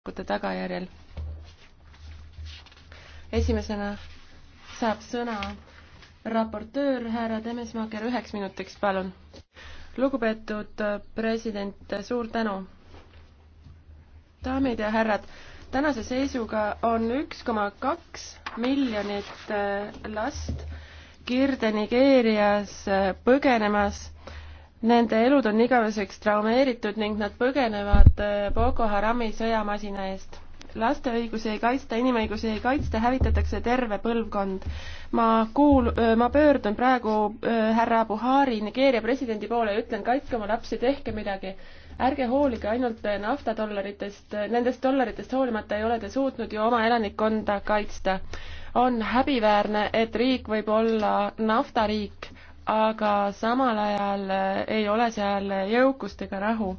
valikute tagajärjel. esimesena saab sõna raportöör härra Temesmaager üheks minutiks, palun. lugupeetud president, suur tänu. daamid ja härrad, tänase seisuga on üks koma kaks miljonit äh, last Kirde Nigeerias äh, põgenemas Nende elud on igaveseks traumeeritud ning nad põgenevad äh, Boko Harami sõjamasina eest. laste õigusi ei kaitsta, inimõigusi ei kaitsta, hävitatakse terve põlvkond. ma kuul-, äh, ma pöördun praegu äh, härra Buhari, Nigeeria presidendi poole ja ütlen, kaitske oma lapsi, tehke midagi. ärge hoolige ainult naftadollaritest, nendest dollaritest hoolimata ei ole te suutnud ju oma elanikkonda kaitsta. on häbiväärne, et riik võib olla naftariik aga samal ajal eh, ei ole seal jõukust ega rahu.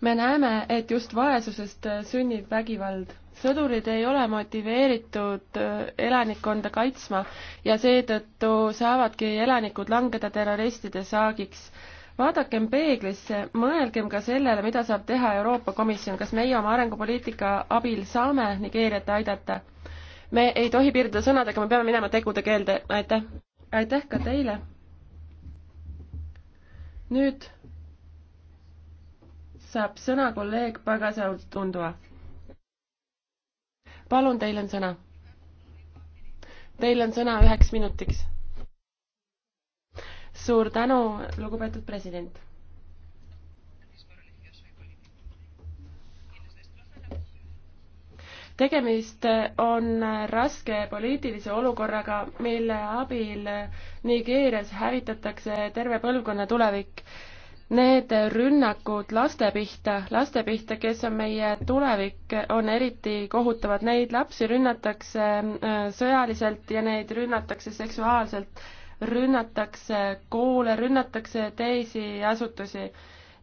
me näeme, et just vaesusest eh, sünnib vägivald. sõdurid ei ole motiveeritud eh, elanikkonda kaitsma ja seetõttu saavadki elanikud langeda terroristide saagiks vaadakem peeglisse, mõelgem ka sellele, mida saab teha Euroopa Komisjon, kas meie oma arengupoliitika abil saame Nigeeriat aidata? me ei tohi piirduda sõnadega, me peame minema tegude keelde, aitäh! aitäh ka teile. nüüd saab sõna kolleeg Pagasa Tundua. palun, teil on sõna. Teil on sõna üheks minutiks. suur tänu, lugupeetud president tegemist on raske poliitilise olukorraga, mille abil Nigeerias hävitatakse terve põlvkonna tulevik. Need rünnakud laste pihta, laste pihta, kes on meie tulevik, on eriti kohutavad. Neid lapsi rünnatakse äh, sõjaliselt ja neid rünnatakse seksuaalselt, rünnatakse koole, rünnatakse teisi asutusi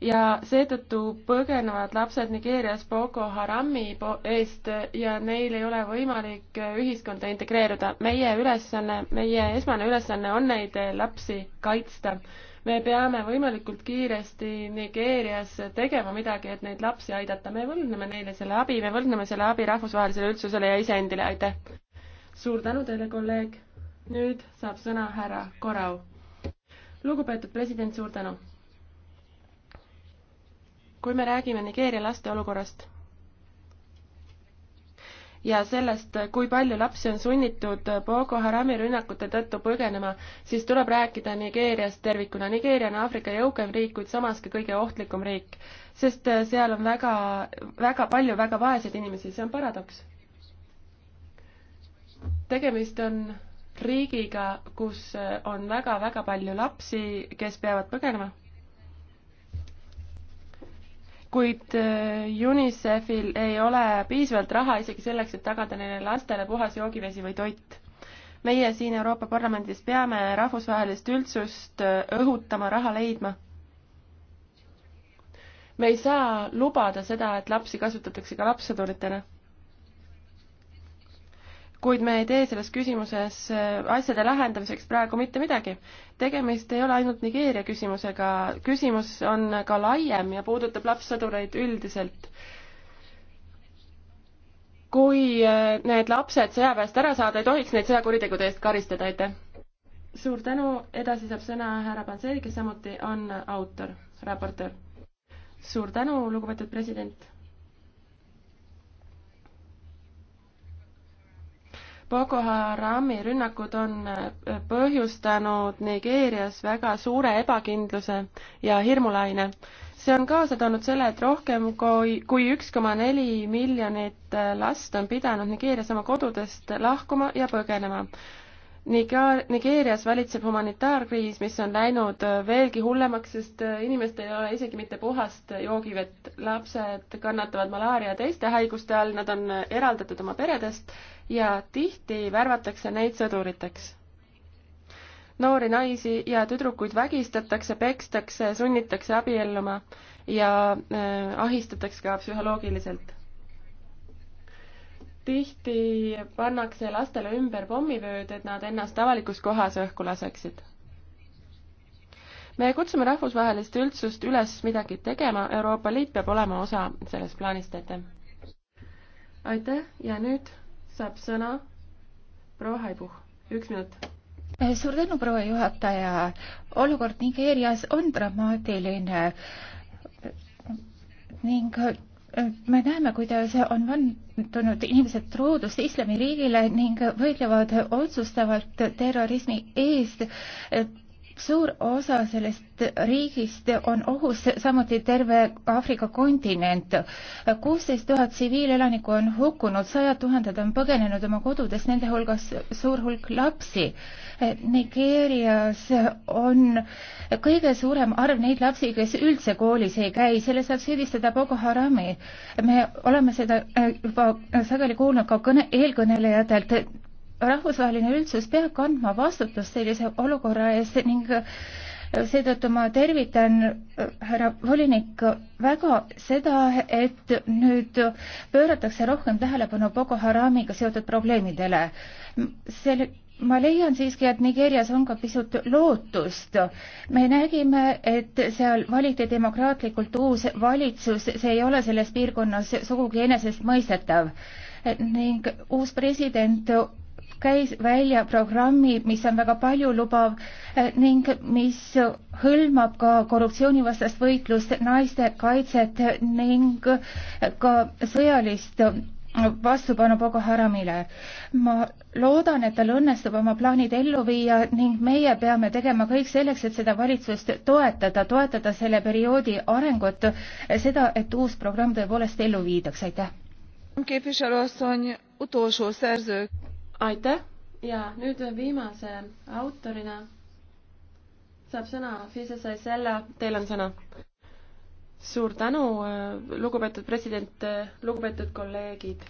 ja seetõttu põgenevad lapsed Nigeerias Boko Harami eest ja neil ei ole võimalik ühiskonda integreeruda. meie ülesanne, meie esmane ülesanne on neid lapsi kaitsta. me peame võimalikult kiiresti Nigeerias tegema midagi, et neid lapsi aidata. me võlgneme neile selle abi, me võlgneme selle abi rahvusvahelisele üldsusele ja iseendile, aitäh! suur tänu teile, kolleeg! nüüd saab sõna härra Korau. lugupeetud president, suur tänu! kui me räägime Nigeeria laste olukorrast ja sellest, kui palju lapsi on sunnitud Boko Harami rünnakute tõttu põgenema, siis tuleb rääkida Nigeeriast tervikuna. Nigeeria on Aafrika jõukem riik, kuid samas ka kõige ohtlikum riik, sest seal on väga, väga palju väga vaeseid inimesi, see on paradoks. tegemist on riigiga, kus on väga-väga palju lapsi, kes peavad põgenema kuid äh, UNICEF-il ei ole piisavalt raha isegi selleks, et tagada neile lastele puhas joogivesi või toit. meie siin Euroopa Parlamendis peame rahvusvahelist üldsust äh, õhutama, raha leidma. me ei saa lubada seda, et lapsi kasutatakse ka lapsõduritena kuid me ei tee selles küsimuses äh, asjade lahendamiseks praegu mitte midagi. tegemist ei ole ainult Nigeeria küsimusega, küsimus on ka laiem ja puudutab lapssõdureid üldiselt. kui äh, need lapsed sõjaväest ära saada, ei tohiks neid sõjakuritegude eest karistada, aitäh! suur tänu, edasi saab sõna härra Panseri, kes samuti on autor, raportöör. suur tänu, lugupeetud president Boko Harami rünnakud on äh, põhjustanud Nigeerias väga suure ebakindluse ja hirmulaine. see on kaasa toonud selle, et rohkem kui, kui üks koma neli miljonit äh, last on pidanud Nigeerias oma kodudest lahkuma ja põgenema. Nigeer-, Nigeerias valitseb humanitaarkriis, mis on läinud äh, veelgi hullemaks, sest inimestel ei ole isegi mitte puhast joogivett. lapsed kannatavad malaaria ja teiste haiguste all, nad on eraldatud oma peredest ja tihti värvatakse neid sõduriteks. noori naisi ja tüdrukuid vägistatakse, pekstakse, sunnitakse abielluma ja äh, ahistatakse ka psühholoogiliselt. tihti pannakse lastele ümber pommivööd, et nad ennast avalikus kohas õhku laseksid me kutsume rahvusvahelist üldsust üles midagi tegema, Euroopa Liit peab olema osa sellest plaanist, aitäh! aitäh ja nüüd saab sõna proua Haibuh, üks minut. Eh, suur tänu, proua juhataja. olukord Nigeerias on dramaatiline ning eh, me näeme, kuidas on vandunud inimesed truudust islamiriigile ning võitlevad otsustavalt terrorismi eest. Eh, suur osa sellest riigist on ohus, samuti terve Aafrika kontinent. kuusteist tuhat tsiviilelanikku on hukkunud, sajad tuhanded on põgenenud oma kodudest, nende hulgas suur hulk lapsi. Nigeerias on kõige suurem arv neid lapsi, kes üldse koolis ei käi, selle saab süüdistada Boko Harami. me oleme seda juba sageli kuulnud ka kõne, eelkõnelejatelt rahvusvaheline üldsus peab kandma vastutust sellise olukorra ees ning seetõttu ma tervitan, härra volinik, väga seda, et nüüd pööratakse rohkem tähelepanu Boko Haramiga seotud probleemidele. selle, ma leian siiski, et Nigeerias on ka pisut lootust. me nägime, et seal valiti demokraatlikult uus valitsus, see ei ole selles piirkonnas sugugi enesestmõistetav ning uus president käis välja programmi, mis on väga paljulubav eh, ning mis hõlmab ka korruptsioonivastast võitlust, naiste kaitset ning ka sõjalist vastupanu Boko Haramile. ma loodan, et tal õnnestub oma plaanid ellu viia ning meie peame tegema kõik selleks, et seda valitsust toetada, toetada selle perioodi arengut, seda, et uus programm tõepoolest ellu viidaks, aitäh aitäh ja nüüd viimase autorina saab sõna Fise Saisella, teil on sõna. suur tänu, äh, lugupeetud president, äh, lugupeetud kolleegid.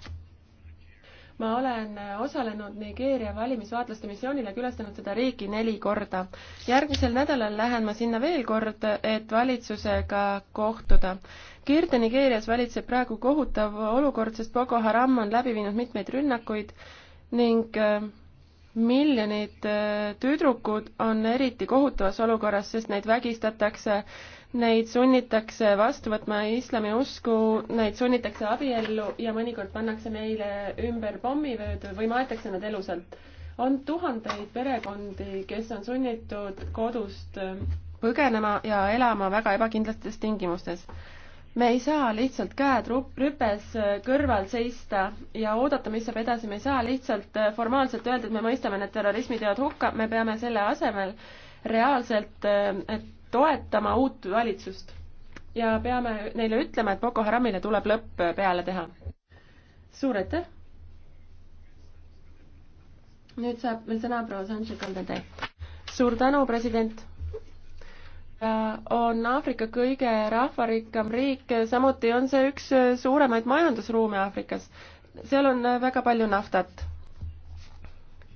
ma olen äh, osalenud Nigeeria valimisvaatluste missioonil ja külastanud seda riiki neli korda. järgmisel nädalal lähen ma sinna veel kord, et valitsusega kohtuda Kirde-Nigeerias valitseb praegu kohutav olukord, sest Boko Haram on läbi viinud mitmeid rünnakuid ning äh, miljonid äh, tüdrukud on eriti kohutavas olukorras, sest neid vägistatakse, neid sunnitakse vastu võtma islami usku, neid sunnitakse abiellu ja mõnikord pannakse neile ümber pommivööd või maetakse nad elusalt. on tuhandeid perekondi, kes on sunnitud kodust äh, põgenema ja elama väga ebakindlates tingimustes me ei saa lihtsalt käed rüpes äh, kõrval seista ja oodata, mis saab edasi, me ei saa lihtsalt äh, formaalselt öelda, et me mõistame need terrorismiteod hukka, me peame selle asemel reaalselt äh, toetama uut valitsust ja peame neile ütlema, et Boko Haramile tuleb lõpp peale teha. suur aitäh! nüüd saab veel sõna proua Sanchez-Caldente. suur tänu, president! on Aafrika kõige rahvarikkam riik, samuti on see üks äh, suuremaid majandusruume Aafrikas. seal on äh, väga palju naftat.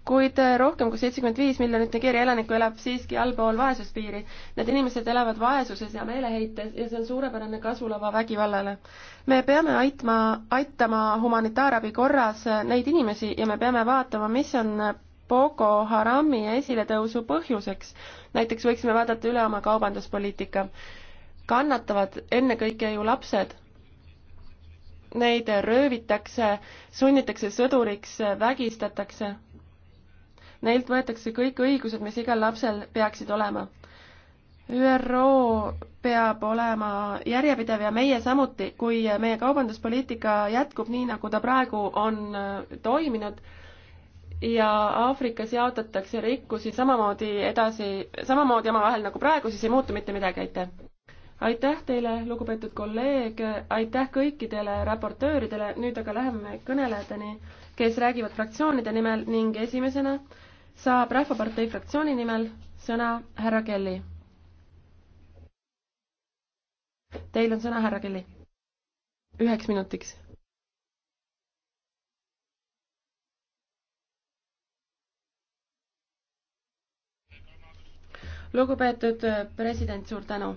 kuid äh, rohkem kui seitsekümmend viis miljonit Nigeeria elanikku elab siiski allpool vaesuspiiri. Need inimesed elavad vaesuses ja meeleheites ja see on suurepärane kasulava vägivallale. me peame aitma, aitama humanitaarabi korras neid inimesi ja me peame vaatama, mis on Boko Harami esiletõusu põhjuseks. näiteks võiksime vaadata üle oma kaubanduspoliitika. kannatavad ennekõike ju lapsed. Neid röövitakse, sunnitakse sõduriks, vägistatakse. Neilt võetakse kõik õigused, mis igal lapsel peaksid olema ÜRO peab olema järjepidev ja meie samuti, kui meie kaubanduspoliitika jätkub nii, nagu ta praegu on äh, toiminud, ja Aafrikas jaotatakse rikkusi samamoodi edasi, samamoodi omavahel nagu praegu, siis ei muutu mitte midagi, aitäh! aitäh teile, lugupeetud kolleeg, aitäh kõikidele raportööridele, nüüd aga läheme kõnelejateni, kes räägivad fraktsioonide nimel ning esimesena saab Rahvapartei fraktsiooni nimel sõna härra Kelly. Teil on sõna, härra Kelly. üheks minutiks lugupeetud äh, president, suur tänu!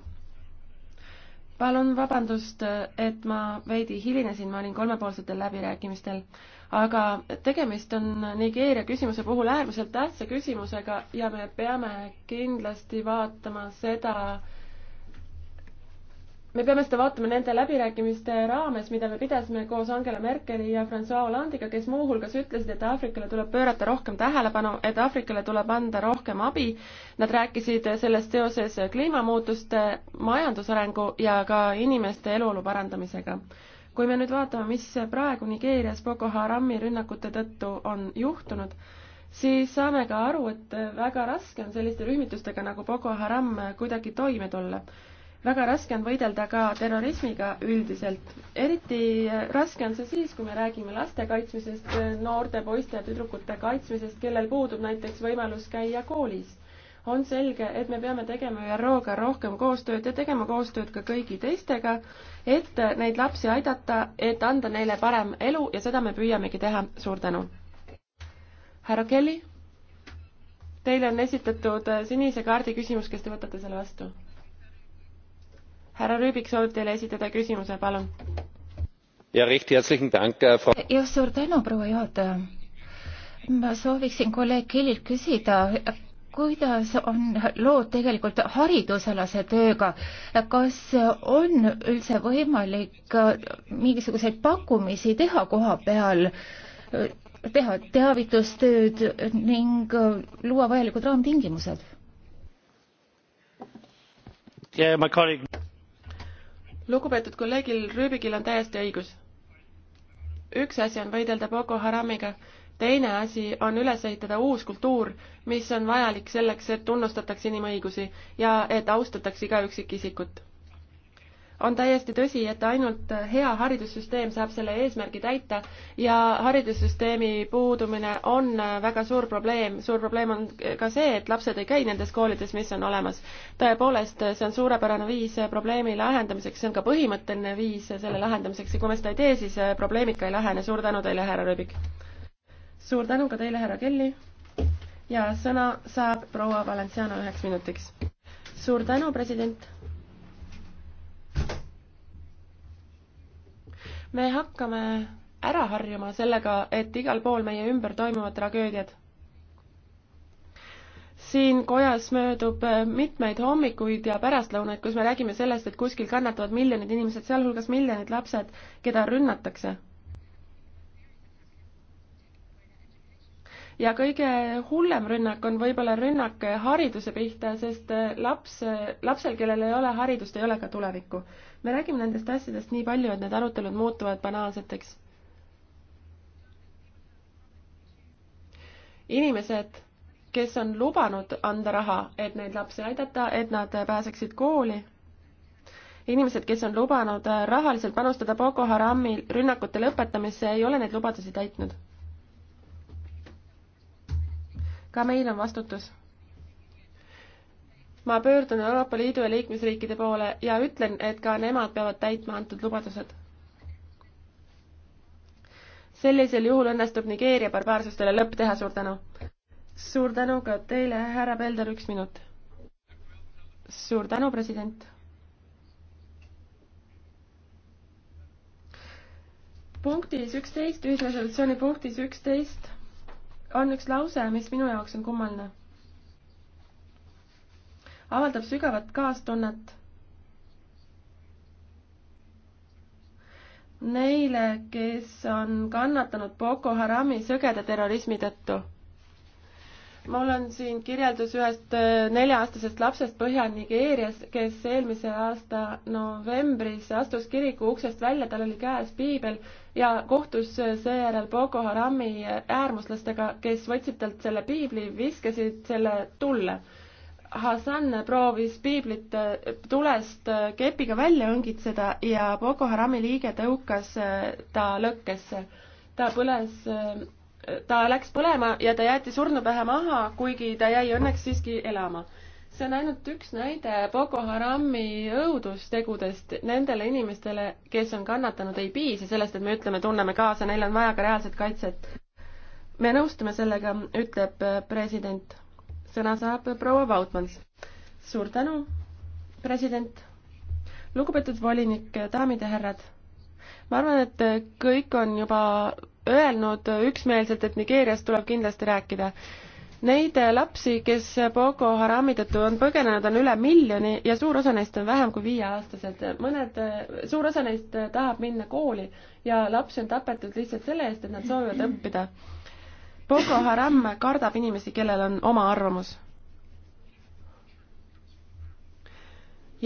palun vabandust, äh, et ma veidi hilinesin, ma olin kolmepoolsetel läbirääkimistel, aga tegemist on Nigeeria küsimuse puhul äärmiselt tähtsa küsimusega ja me peame kindlasti vaatama seda, me peame seda vaatama nende läbirääkimiste raames, mida me pidasime koos Angela Merkeli ja Francois Hollande'iga, kes muuhulgas ütlesid, et Aafrikale tuleb pöörata rohkem tähelepanu, et Aafrikale tuleb anda rohkem abi. Nad rääkisid sellest seoses kliimamuutuste, majandusarengu ja ka inimeste eluolu parandamisega. kui me nüüd vaatame, mis praegu Nigeerias Boko Harami rünnakute tõttu on juhtunud, siis saame ka aru, et väga raske on selliste rühmitustega nagu Boko Haram kuidagi toime tulla väga raske on võidelda ka terrorismiga üldiselt. eriti raske on see siis, kui me räägime laste kaitsmisest, noorte poiste ja tüdrukute kaitsmisest, kellel puudub näiteks võimalus käia koolis. on selge, et me peame tegema ÜRO-ga rohkem koostööd ja tegema koostööd ka kõigi teistega, et neid lapsi aidata, et anda neile parem elu ja seda me püüamegi teha. suur tänu. härra Kelly? Teile on esitatud sinise kaardi küsimus, kas te võtate selle vastu? härra Rüübik soovib teile esitada küsimuse, palun. jah, äh, suur tänu, proua juhataja. ma sooviksin kolleeg Killilt küsida, kuidas on lood tegelikult haridusalase tööga, kas on üldse võimalik äh, mingisuguseid pakkumisi teha koha peal, äh, teha teavitustööd ning luua vajalikud raamtingimused? lugupeetud kolleegil Rüübigil on täiesti õigus. üks asi on võidelda Boko Haramiga, teine asi on üles ehitada uus kultuur, mis on vajalik selleks, et tunnustataks inimõigusi ja et austataks iga üksikisikut on täiesti tõsi, et ainult hea haridussüsteem saab selle eesmärgi täita ja haridussüsteemi puudumine on väga suur probleem. suur probleem on ka see, et lapsed ei käi nendes koolides, mis on olemas. tõepoolest, see on suurepärane viis probleemi lahendamiseks, see on ka põhimõtteline viis selle lahendamiseks ja kui me seda ei tee, siis probleemid ka ei lähene. suur tänu teile, härra Rööbik! suur tänu ka teile, härra Kelly! ja sõna saab proua Valenciano üheks minutiks. suur tänu, president! me hakkame ära harjuma sellega, et igal pool meie ümber toimuvad tragöödiad. siin kojas möödub äh, mitmeid hommikuid ja pärastlõunaid, kus me räägime sellest, et kuskil kannatavad miljonid inimesed, sealhulgas miljonid lapsed, keda rünnatakse ja kõige hullem rünnak on võib-olla rünnak hariduse pihta, sest äh, laps, äh, lapsel, kellel ei ole haridust, ei ole ka tulevikku. me räägime nendest asjadest nii palju, et need arutelud muutuvad banaalseteks. inimesed, kes on lubanud anda raha, et neid lapsi aidata, et nad äh, pääseksid kooli, inimesed, kes on lubanud rahaliselt panustada Boko Harami rünnakute lõpetamisse, ei ole neid lubadusi täitnud ka meil on vastutus. ma pöördun Euroopa Liidu ja liikmesriikide poole ja ütlen, et ka nemad peavad täitma antud lubadused. sellisel juhul õnnestub Nigeeria barbaarsustele lõpp teha, suur tänu! suur tänu ka teile, härra Pelder, üks minut. suur tänu, president. punktis üksteist, ühisresolutsiooni punktis üksteist on üks lause, mis minu jaoks on kummaline. avaldab sügavat kaastunnet neile, kes on kannatanud Boko Harami sõgeda terrorismi tõttu mul on siin kirjeldus ühest äh, nelja-aastasest lapsest Põhja-Nigeerias, kes eelmise aasta novembris astus kiriku uksest välja, tal oli käes piibel ja kohtus äh, seejärel Boko Harami äh, äärmuslastega, kes võtsid talt selle piibli, viskasid selle tulle. Hassan proovis piiblit tulest kepiga välja õngitseda ja Boko Harami liige tõukas ta lõkkesse. ta põles ta läks põlema ja ta jäeti surnupähe maha, kuigi ta jäi õnneks siiski elama. see on ainult üks näide Boko Harami õudustegudest. Nendele inimestele, kes on kannatanud, ei piisa sellest, et me ütleme, tunneme kaasa, neil on vaja ka reaalset kaitset. me nõustume sellega, ütleb president. sõna saab proua Vautmans. suur tänu, president. lugupeetud volinik, daamid ja härrad. ma arvan, et kõik on juba öelnud üksmeelselt, et Nigeeriast tuleb kindlasti rääkida. Neid lapsi, kes Boko Harami tõttu on põgenenud, on üle miljoni ja suur osa neist on vähem kui viieaastased. mõned, suur osa neist tahab minna kooli ja lapsi on tapetud lihtsalt selle eest, et nad soovivad õppida. Boko Haram kardab inimesi, kellel on oma arvamus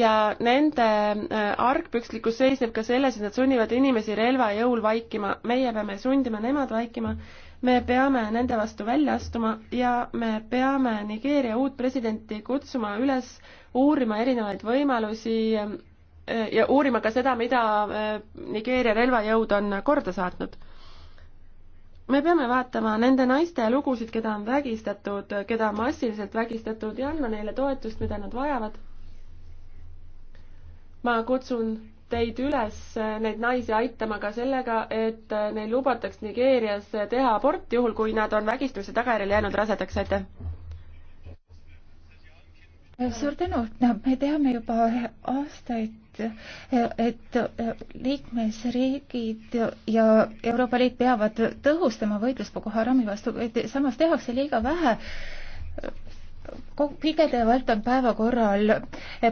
ja nende äh, argpükslikkus seisneb ka selles, et nad sunnivad inimesi relva jõul vaikima. meie peame sundima nemad vaikima, me peame nende vastu välja astuma ja me peame Nigeeria uut presidenti kutsuma üles uurima erinevaid võimalusi äh, ja uurima ka seda, mida äh, Nigeeria relvajõud on korda saatnud me peame vaatama nende naiste lugusid, keda on vägistatud, keda on massiliselt vägistatud ja andma neile toetust, mida nad vajavad ma kutsun teid üles neid naisi aitama ka sellega, et neil lubataks Nigeerias teha abort, juhul kui nad on vägistamise tagajärjel jäänud rasedaks, aitäh! suur tänu, no me teame juba aastaid, et liikmesriigid ja Euroopa Liit peavad tõhustama võitlust Boko Harami vastu, et samas tehakse liiga vähe pidevalt on päevakorral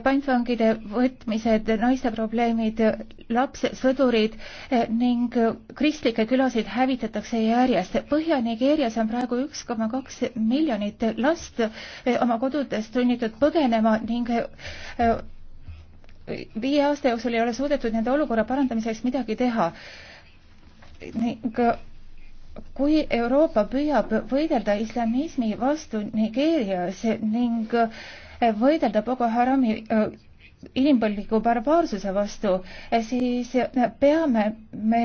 pantvangide võtmised, naiste probleemid, lapsed, sõdurid eh, ning kristlikke külasid hävitatakse järjest. Põhja-Nigeerias on praegu üks koma kaks miljonit last eh, oma kodudest sunnitud põgenema ning eh, viie aasta jooksul ei ole suudetud nende olukorra parandamiseks midagi teha ning kui Euroopa püüab võidelda islamismi vastu Nigeerias ning eh, võidelda Boko Harami eh, inimpõlviku barbaarsuse vastu, eh, siis peame me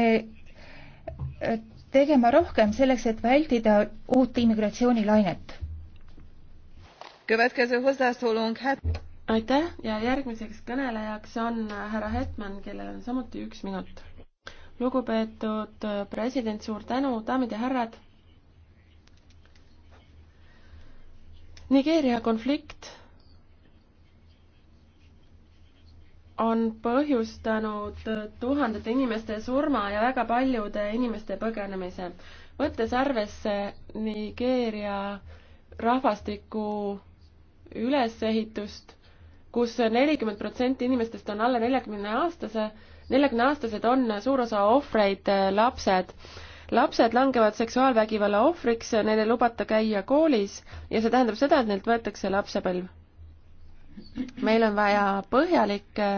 tegema rohkem selleks, et vältida uut immigratsioonilainet. aitäh ja järgmiseks kõnelejaks on härra Hetman, kellel on samuti üks minut lugupeetud äh, president, suur tänu, daamid ja härrad. Nigeeria konflikt on põhjustanud äh, tuhandete inimeste surma ja väga paljude inimeste põgenemise. võttes arvesse Nigeeria rahvastiku ülesehitust kus, kus nelikümmend protsenti inimestest on alla neljakümne aastase, neljakümne aastased on suur osa ohvreid äh, lapsed. lapsed langevad seksuaalvägivalla ohvriks, neil ei lubata käia koolis ja see tähendab seda, et neilt võetakse lapsepõlv. meil on vaja põhjalikke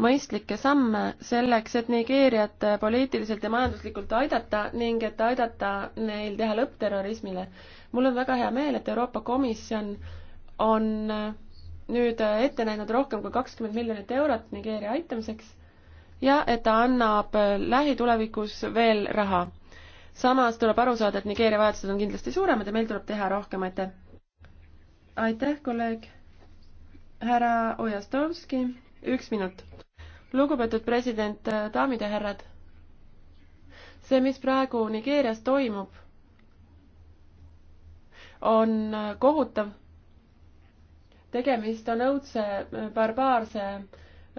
mõistlikke samme selleks, et Nigeeriat äh, poliitiliselt ja majanduslikult aidata ning et aidata neil teha lõpp terrorismile. mul on väga hea meel, et Euroopa Komisjon on äh, nüüd ette näinud rohkem kui kakskümmend miljonit eurot Nigeeria aitamiseks ja et ta annab lähitulevikus veel raha. samas tuleb aru saada, et Nigeeria vajadused on kindlasti suuremad ja meil tuleb teha rohkem, aitäh! aitäh, kolleeg! härra Ojastovski, üks minut. lugupeetud president, daamid ja härrad! see, mis praegu Nigeerias toimub, on kohutav. tegemist on õudse barbaarse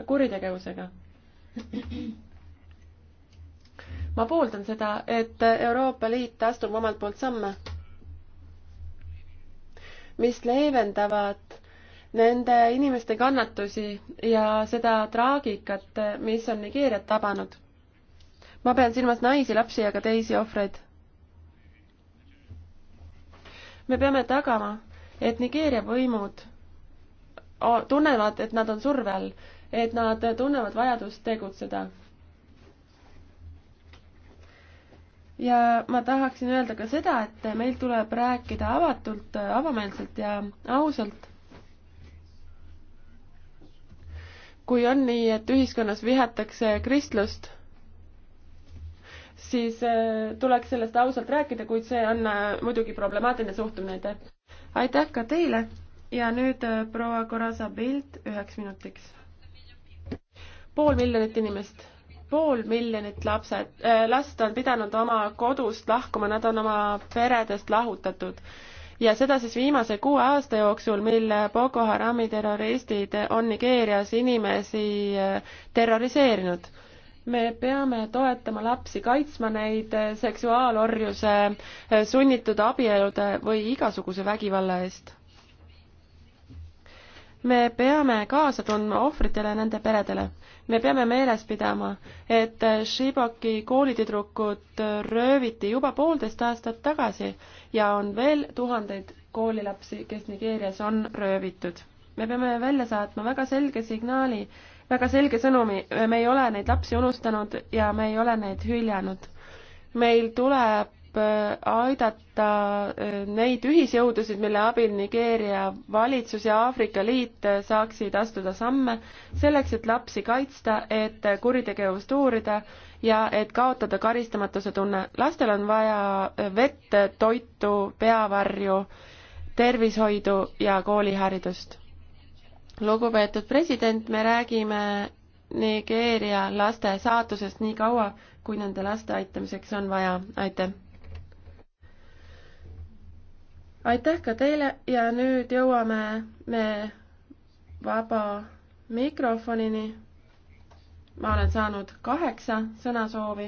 kuritegevusega ma pooldan seda, et Euroopa Liit astub omalt poolt samme, mis leevendavad nende inimeste kannatusi ja seda traagikat, mis on Nigeeriat tabanud. ma pean silmas naisi, lapsi ja ka teisi ohvreid. me peame tagama, et Nigeeria võimud tunnevad, et nad on surve all et nad tunnevad vajadust tegutseda. ja ma tahaksin öelda ka seda, et meil tuleb rääkida avatult, avameelselt ja ausalt. kui on nii, et ühiskonnas vihatakse kristlust siis äh, tuleks sellest ausalt rääkida, kuid see on muidugi problemaatiline suhtumine, aitäh. aitäh ka teile ja nüüd äh, proua Korasa Pilt üheks minutiks pool miljonit inimest, pool miljonit lapsed, äh, last on pidanud oma kodust lahkuma, nad on oma peredest lahutatud. ja seda siis viimase kuue aasta jooksul, mil Boko Harami terroristid on Nigeerias inimesi äh, terroriseerinud me peame toetama lapsi, kaitsma neid seksuaalorjuse, äh, sunnitud abielude või igasuguse vägivalla eest me peame kaasa tundma ohvritele ja nende peredele. me peame meeles pidama, et Shiboki koolitüdrukud rööviti juba poolteist aastat tagasi ja on veel tuhandeid koolilapsi, kes Nigeerias on röövitud. me peame välja saatma väga selge signaali, väga selge sõnumi, me ei ole neid lapsi unustanud ja me ei ole neid hüljanud. meil tuleb Äh, aidata äh, neid ühisjõudusid, mille abil Nigeeria valitsus ja Aafrika Liit äh, saaksid astuda samme selleks, et lapsi kaitsta, et kuritegevust uurida ja et kaotada karistamatuse tunne. lastel on vaja vett, toitu, peavarju, tervishoidu ja kooliharidust. lugupeetud president, me räägime Nigeeria laste saatusest nii kaua, kui nende laste aitamiseks on vaja. aitäh! aitäh ka teile ja nüüd jõuame me vaba mikrofonini. ma olen saanud kaheksa sõnasoovi.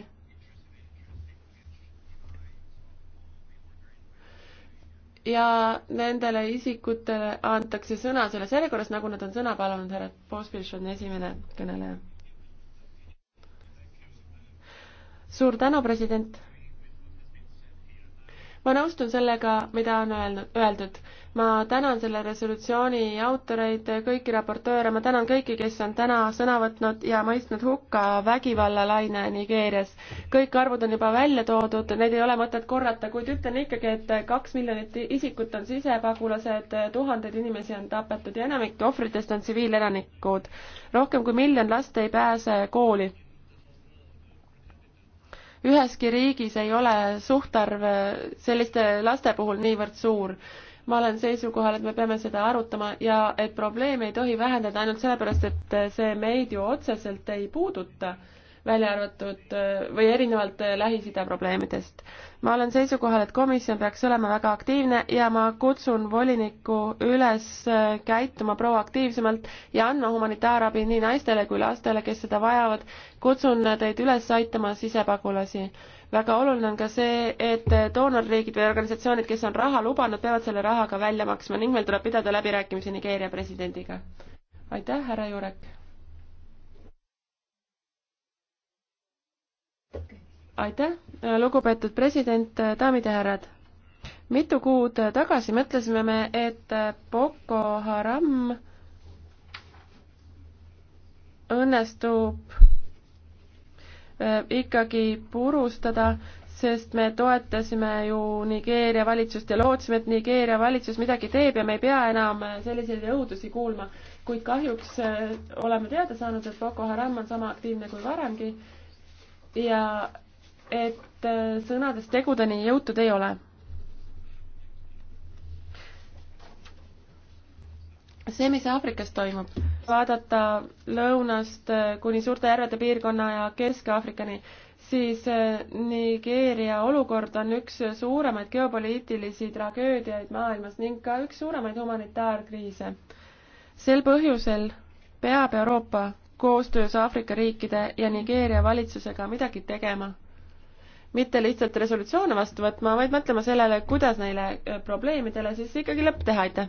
ja nendele isikutele antakse sõna selles järjekorras, nagu nad on sõna palunud, härra Pospiš on esimene kõneleja. suur tänu, president ma nõustun sellega, mida on öelnud, öeldud. ma tänan selle resolutsiooni autoreid, kõiki raportööre, ma tänan kõiki, kes on täna sõna võtnud ja mõistnud hukka vägivallalaine Nigeerias. kõik arvud on juba välja toodud, neid ei ole mõtet korrata, kuid ütlen ikkagi, et kaks miljonit isikut on sisepagulased, tuhandeid inimesi on tapetud ja enamik ohvritest on tsiviilelanikud. rohkem kui miljon last ei pääse kooli üheski riigis ei ole suhtarv äh, selliste laste puhul niivõrd suur. ma olen seisukohal, et me peame seda arutama ja et probleemi ei tohi vähendada ainult sellepärast, et äh, see meid ju otseselt ei puuduta välja arvatud äh, või erinevalt äh, Lähis-Ida probleemidest. ma olen seisukohal, et komisjon peaks olema väga aktiivne ja ma kutsun volinikku üles äh, käituma proaktiivsemalt ja andma humanitaarabi nii naistele kui lastele, kes seda vajavad. kutsun teid üles aitama sisepagulasi väga oluline on ka see, et doonorriigid või organisatsioonid, kes on raha lubanud, peavad selle raha ka välja maksma ning meil tuleb pidada läbirääkimisi Nigeeria presidendiga. aitäh, härra Jurek! aitäh, lugupeetud president, daamid ja härrad. mitu kuud tagasi mõtlesime me, et Boko Haram õnnestub äh, ikkagi purustada, sest me toetasime ju Nigeeria valitsust ja lootsime, et Nigeeria valitsus midagi teeb ja me ei pea enam selliseid õudusi kuulma. kuid kahjuks äh, oleme teada saanud, et Boko Haram on sama aktiivne kui varemgi ja et äh, sõnadest tegudeni jõutud ei ole. see, mis Aafrikas toimub, vaadata lõunast äh, kuni suurte järvede piirkonna ja Kesk-Aafrikani, siis äh, Nigeeria olukord on üks suuremaid geopoliitilisi tragöödiaid maailmas ning ka üks suuremaid humanitaarkriise. sel põhjusel peab Euroopa koostöös Aafrika riikide ja Nigeeria valitsusega midagi tegema. mitte lihtsalt resolutsioone vastu võtma, vaid mõtlema sellele, kuidas neile äh, probleemidele siis ikkagi lõpp teha, aitäh!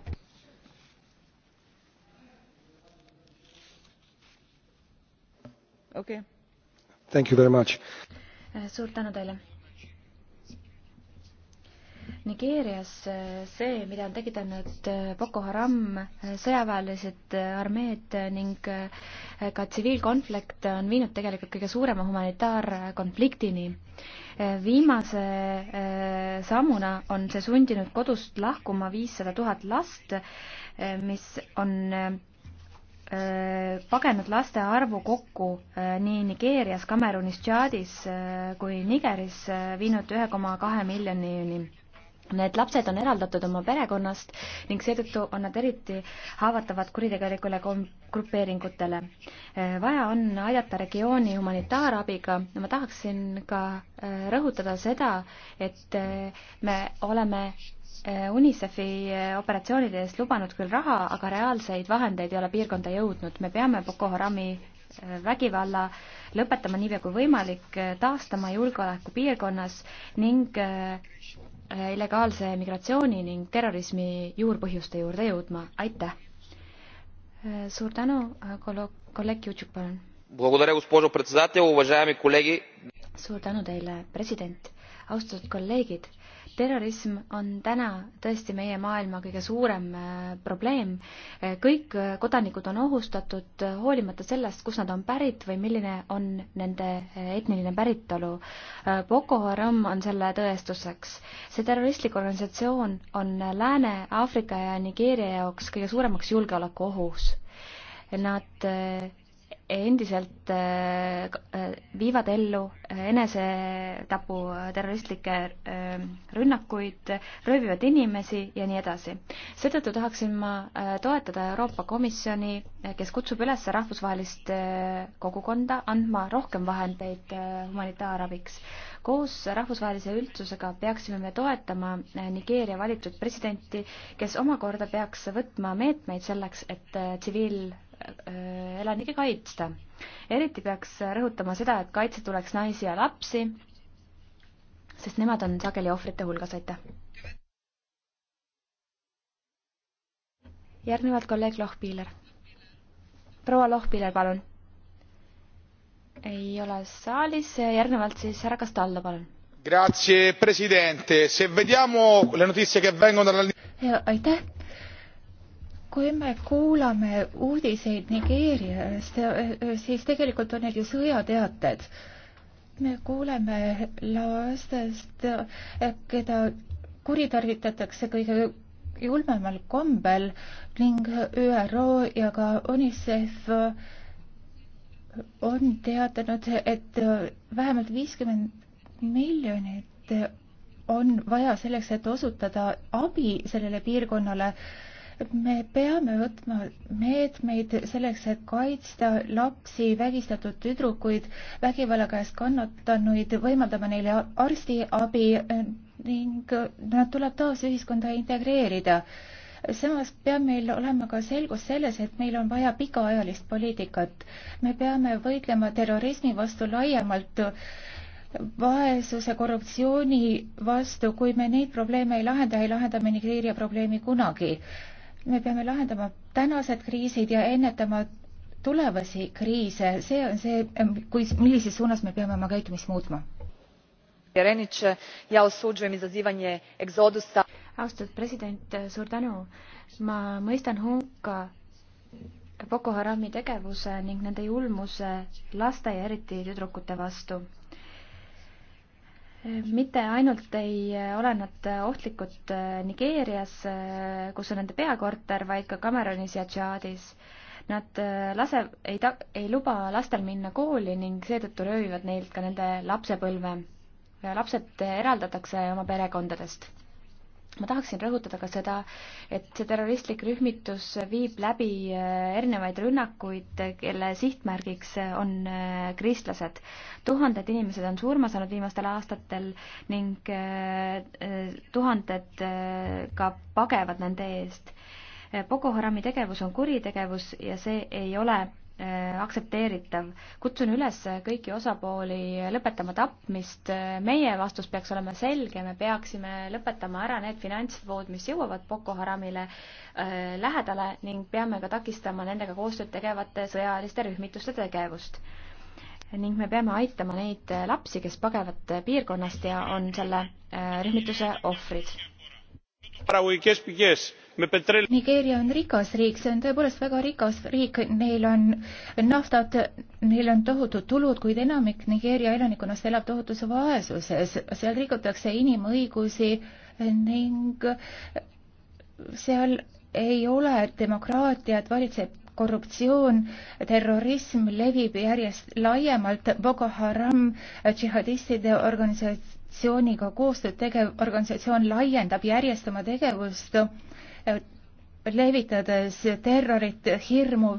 okei okay.. Äh, suur tänu teile! Nigeerias eh, see, mida on tekitanud eh, Boko Haram, eh, sõjaväelised armeed ning ka tsiviilkonflikt on viinud tegelikult kõige suurema humanitaarkonfliktini. viimase sammuna on see sundinud kodust lahkuma viissada tuhat last, mis on pagenud laste arvu kokku nii Nigeerias, Kamerunis, Tšaadis kui Nigeris viinud ühe koma kahe miljonini Need lapsed on eraldatud oma perekonnast ning seetõttu on nad eriti haavatavad kuritegelikule grupeeringutele. Äh, vaja on aidata regiooni humanitaarabiga. ma tahaksin ka äh, rõhutada seda, et äh, me oleme UNICEF-i operatsioonide eest lubanud küll raha, aga reaalseid vahendeid ei ole piirkonda jõudnud. me peame Boko Harami vägivalla lõpetama niipea kui võimalik, taastama julgeoleku piirkonnas ning Äh, illegaalse migratsiooni ning terrorismi juurpõhjuste juurde jõudma, aitäh! Äh, suur tänu, äh, kolleeg Jutšuk, palun! suur tänu teile, president, austatud kolleegid terrorism on täna tõesti meie maailma kõige suurem äh, probleem. Äh, kõik äh, kodanikud on ohustatud, hoolimata sellest, kust nad on pärit või milline on nende etniline päritolu. Boko Haram on selle tõestuseks. see terroristlik organisatsioon on Lääne-Aafrika ja Nigeeria jaoks kõige suuremaks julgeolekuohus. Nad endiselt äh, äh, viivad ellu äh, enesetapu terroristlikke rünnakuid, röövivad inimesi ja nii edasi. seetõttu tahaksin ma toetada Euroopa Komisjoni, kes kutsub üles rahvusvahelist kogukonda andma rohkem vahendeid humanitaarabiks. koos rahvusvahelise üldsusega peaksime me toetama Nigeeria valitud presidenti, kes omakorda peaks võtma meetmeid selleks, et tsiviil Äh, elanikke kaitsta. eriti peaks rõhutama seda, et kaitse tuleks naisi ja lapsi, sest nemad on sageli ohvrite hulgas, aitäh. järgnevalt kolleeg Lohpiiler. proua Lohpiiler, palun. ei ole saalis, järgnevalt siis härra Castaldo, palun. Grazie, president, se vediamo le notizie che vengono dalla. aitäh kui me kuulame uudiseid Nigeeriast, siis tegelikult on need ju sõjateated. me kuuleme lastest, keda kuritarvitatakse kõige julmemal kombel ning ÜRO ja ka UNICEF on teatanud, et vähemalt viiskümmend miljonit on vaja selleks, et osutada abi sellele piirkonnale me peame võtma meetmeid selleks, et kaitsta lapsi, vägistatud tüdrukuid, vägivalla käest kannatanuid, võimaldama neile arstiabi eh, ning nad tuleb taas ühiskonda integreerida. samas peab meil olema ka selgus selles, et meil on vaja pikaajalist poliitikat. me peame võitlema terrorismi vastu laiemalt vaesuse, korruptsiooni vastu, kui me neid probleeme ei lahenda, ei lahenda me Nigeeria probleemi kunagi me peame lahendama tänased kriisid ja ennetama tulevasi kriise, see on see, kui, millises suunas me peame oma käitumist muutma. austatud president, suur tänu. ma mõistan hukka Boko Harami tegevuse ning nende julmuse laste ja eriti tüdrukute vastu mitte ainult ei ole nad ohtlikud äh, Nigeerias, äh, kus on nende peakorter, vaid ka Cameronis ja Tšaadis. Nad äh, lase, ei ta-, ei luba lastel minna kooli ning seetõttu röövivad neilt ka nende lapsepõlve. lapsed eraldatakse oma perekondadest ma tahaksin rõhutada ka seda, et see terroristlik rühmitus viib läbi äh, erinevaid rünnakuid, kelle sihtmärgiks on äh, kristlased. tuhanded inimesed on surma saanud viimastel aastatel ning äh, tuhanded ka pagevad nende eest. Boko Harami tegevus on kuritegevus ja see ei ole Äh, aktsepteeritav. kutsun üles kõiki osapooli lõpetama tapmist, meie vastus peaks olema selge, me peaksime lõpetama ära need finantsvood, mis jõuavad Boko Haramile äh, lähedale ning peame ka takistama nendega koostööd tegevate sõjaliste rühmituste tegevust. ning me peame aitama neid lapsi, kes pagevad piirkonnast ja on selle äh, rühmituse ohvrid Nigeeria on rikas riik, see on tõepoolest väga rikas riik, neil on naftat, neil on tohutud tulud, kuid enamik Nigeeria elanikkonnast elab tohutus vaesuses, seal rikutakse inimõigusi ning seal ei ole demokraatiat, valitseb korruptsioon, terrorism levib järjest laiemalt, Boko Haram, džihadistide organisatsioon, organisatsiooniga koostööd tegev organisatsioon laiendab järjest oma tegevust levitades terrorit, hirmu,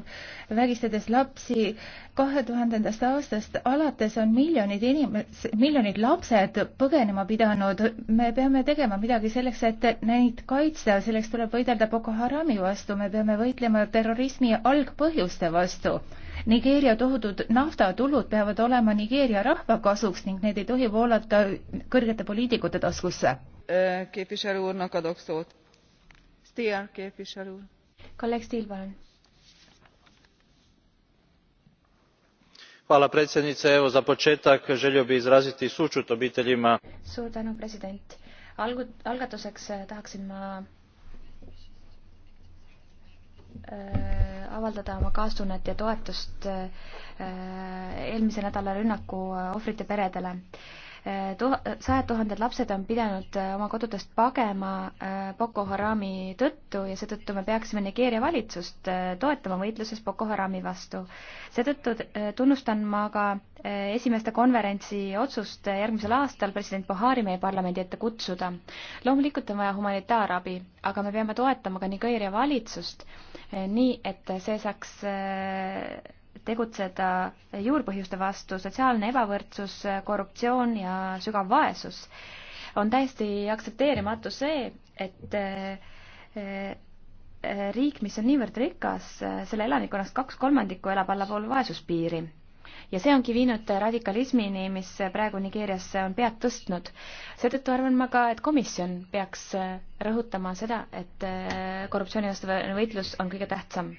vägistades lapsi. kahe tuhandendast aastast alates on miljonid inimesed, miljonid lapsed põgenema pidanud. me peame tegema midagi selleks, et neid kaitsta, selleks tuleb võidelda Boko Harami vastu, me peame võitlema terrorismi algpõhjuste vastu. Nigeeria tohutud naftatulud peavad olema Nigeeria rahva kasuks ning need ei tohi voolata kõrgete poliitikute taskusse. képviselő úrnak adok szót Stier képviselő úr. Kolleg Stier, palun. Hvala predsjednice. Evo za početak želio bih izraziti sućut obiteljima. Suur tänu, president. Algu-, algatuseks eh, tahaksin ma eh, avaldada oma kaastunnet ja toetust eh, eelmise nädala rünnaku ohvrite peredele sajad tuhanded lapsed on pidanud äh, oma kodudest pagema äh, Boko Harami tõttu ja seetõttu me peaksime Nigeeria valitsust äh, toetama võitluses Boko Harami vastu. seetõttu tunnustan ma ka esimeste konverentsi otsust järgmisel aastal president Buhari meie parlamendi ette kutsuda. loomulikult on vaja humanitaarabi, aga me peame toetama ka Nigeeria valitsust nii, et see saaks tegutseda juurpõhjuste vastu, sotsiaalne ebavõrdsus, korruptsioon ja sügav vaesus, on täiesti aktsepteerimatu see, et eh, riik, mis on niivõrd rikas, selle elanikkonnast kaks kolmandikku elab allapool vaesuspiiri. ja see ongi viinud radikalismini, mis praegu Nigeerias on pead tõstnud. seetõttu arvan ma ka, et komisjon peaks rõhutama seda, et eh, korruptsiooni vastu võitlus on kõige tähtsam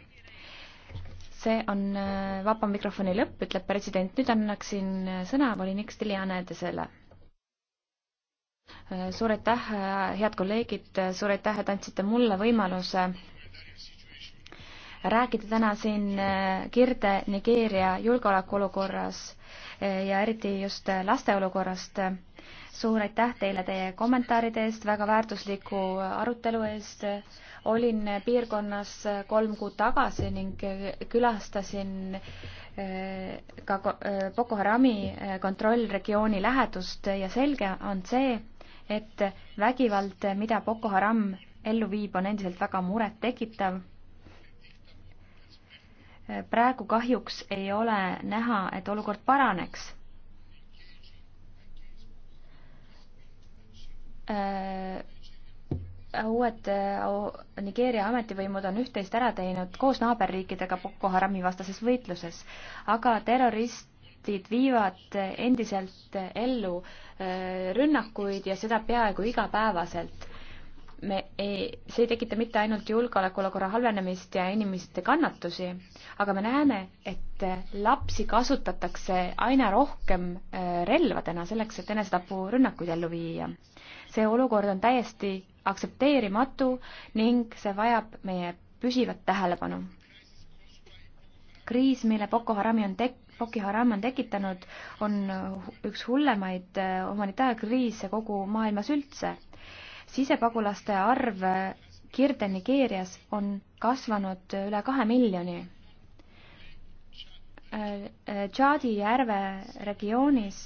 see on äh, vaba mikrofoni lõpp, ütleb president, nüüd annaksin äh, sõna volinik Stiljane Edesele. Äh, suur aitäh, head kolleegid, suur aitäh, et andsite mulle võimaluse rääkida täna siin Kirde Nigeeria julgeolekuolukorras ja eriti just laste olukorrast. suur aitäh teile teie kommentaaride eest, väga väärtusliku arutelu eest olin piirkonnas kolm kuud tagasi ning külastasin eh, ka eh, Boko Harami eh, kontrollregiooni lähedust ja selge on see, et vägivald, mida Boko Haram ellu viib, on endiselt väga murettekitav. praegu kahjuks ei ole näha, et olukord paraneks äh, uued äh, Nigeeria ametivõimud on üht-teist ära teinud koos naaberriikidega Boko Harami vastases võitluses, aga terroristid viivad endiselt ellu äh, rünnakuid ja seda peaaegu igapäevaselt. me ei, see ei tekita mitte ainult julgeolekuolukorra halvenemist ja inimeste kannatusi, aga me näeme, et äh, lapsi kasutatakse aina rohkem relvadena selleks, et enesetapurünnakuid ellu viia. see olukord on täiesti aktsepteerimatu ning see vajab meie püsivat tähelepanu. kriis, mille Boko Harami on tek-, Boko Haram on tekitanud, on üks hullemaid äh, humanitaarkriise kogu maailmas üldse. sisepagulaste arv äh, Kirde Nigeerias on kasvanud äh, üle kahe miljoni. Tšaadi järve regioonis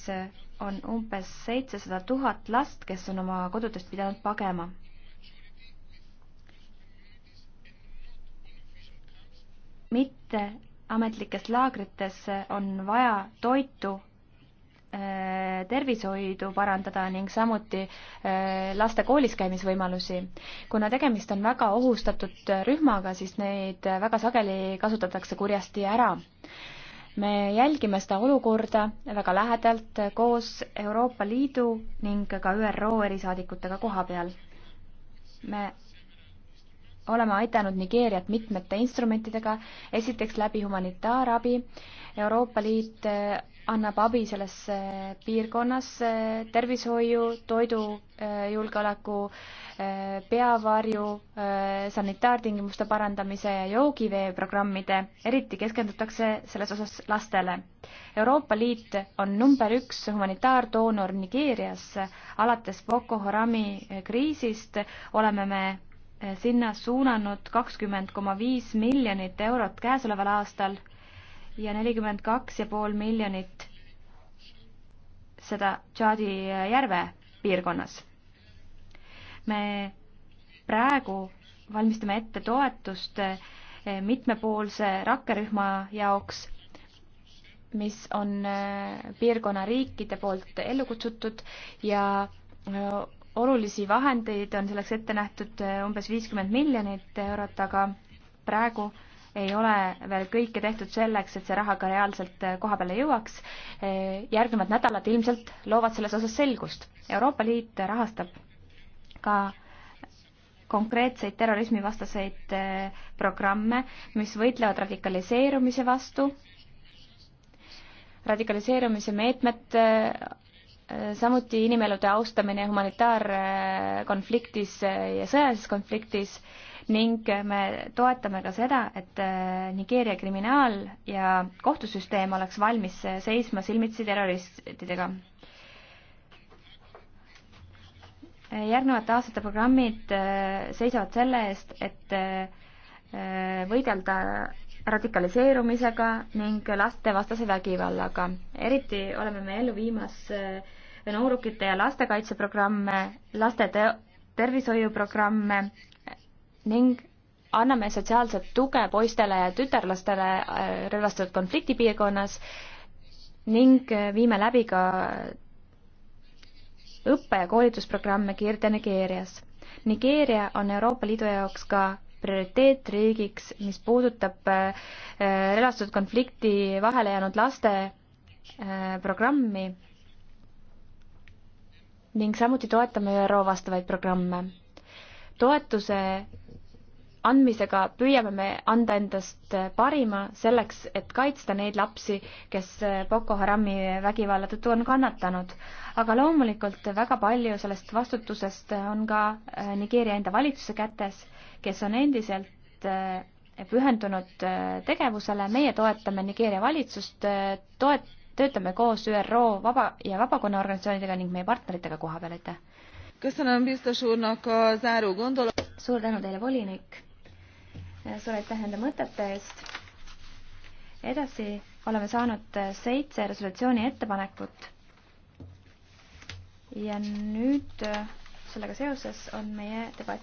on umbes seitsesada tuhat last, kes on oma kodudest pidanud pagema. mitte ametlikes laagrites on vaja toitu äh, tervishoidu parandada ning samuti äh, laste koolis käimisvõimalusi. kuna tegemist on väga ohustatud rühmaga, siis neid väga sageli kasutatakse kurjasti ära. me jälgime seda olukorda väga lähedalt koos Euroopa Liidu ning ka ÜRO erisaadikutega koha peal. me oleme aidanud Nigeeriat mitmete instrumentidega, esiteks läbi humanitaarabi, Euroopa Liit eh, annab abi selles eh, piirkonnas eh, tervishoiu, toidujulgeoleku, peavarju, sanitaartingimuste parandamise ja joogiveeprogrammide, eriti keskendutakse selles osas lastele. Euroopa Liit on number üks humanitaardoonor Nigeerias. alates Boko Harami kriisist oleme me sinna suunanud kakskümmend koma viis miljonit eurot käesoleval aastal ja nelikümmend kaks ja pool miljonit seda Tšaadi järve piirkonnas. me praegu valmistame ette toetust eh, mitmepoolse rakkerühma jaoks, mis on eh, piirkonna riikide poolt ellu kutsutud ja eh, olulisi vahendeid on selleks ette nähtud eh, umbes viiskümmend miljonit eurot, aga praegu ei ole veel kõike tehtud selleks, et see raha ka reaalselt eh, koha peale jõuaks. Eh, järgnevad nädalad ilmselt loovad selles osas selgust. Euroopa Liit rahastab ka konkreetseid terrorismivastaseid programme, mis võitlevad radikaliseerumise vastu. radikaliseerumise meetmed samuti inimelude austamine humanitaarkonfliktis ja sõjalises konfliktis ning me toetame ka seda, et äh, Nigeeria kriminaal- ja kohtusüsteem oleks valmis äh, seisma silmitsi terroristidega. järgnevate aastate programmid äh, seisavad selle eest, et võidelda radikaliseerumisega ning lastevastase vägivallaga. eriti oleme me ellu viimas äh, noorukite ja lastekaitseprogramme, laste te-, tervishoiuprogramme ning anname sotsiaalset tuge poistele ja tütarlastele äh, relvastatud konfliktipiirkonnas ning äh, viime läbi ka õppe- ja koolitusprogramme Kirde Nigeerias. Nigeeria on Euroopa Liidu jaoks ka prioriteetriigiks, mis puudutab äh, relvastatud konflikti vahele jäänud laste programmi ning samuti toetame ÜRO vastavaid programme. toetuse andmisega püüame me anda endast parima selleks, et kaitsta neid lapsi, kes Boko Harami vägivalla tõttu on kannatanud. aga loomulikult väga palju sellest vastutusest on ka äh, Nigeeria enda valitsuse kätes, kes on endiselt äh, pühendunud äh, tegevusele, meie toetame Nigeeria valitsust, toet-, töötame koos ÜRO vaba ja vabakonna organisatsioonidega ning meie partneritega koha peal, aitäh! suur tänu teile, volinik! suur aitäh nende mõtete eest! edasi oleme saanud seitse resolutsiooni ettepanekut. ja nüüd sellega seoses on meie debatt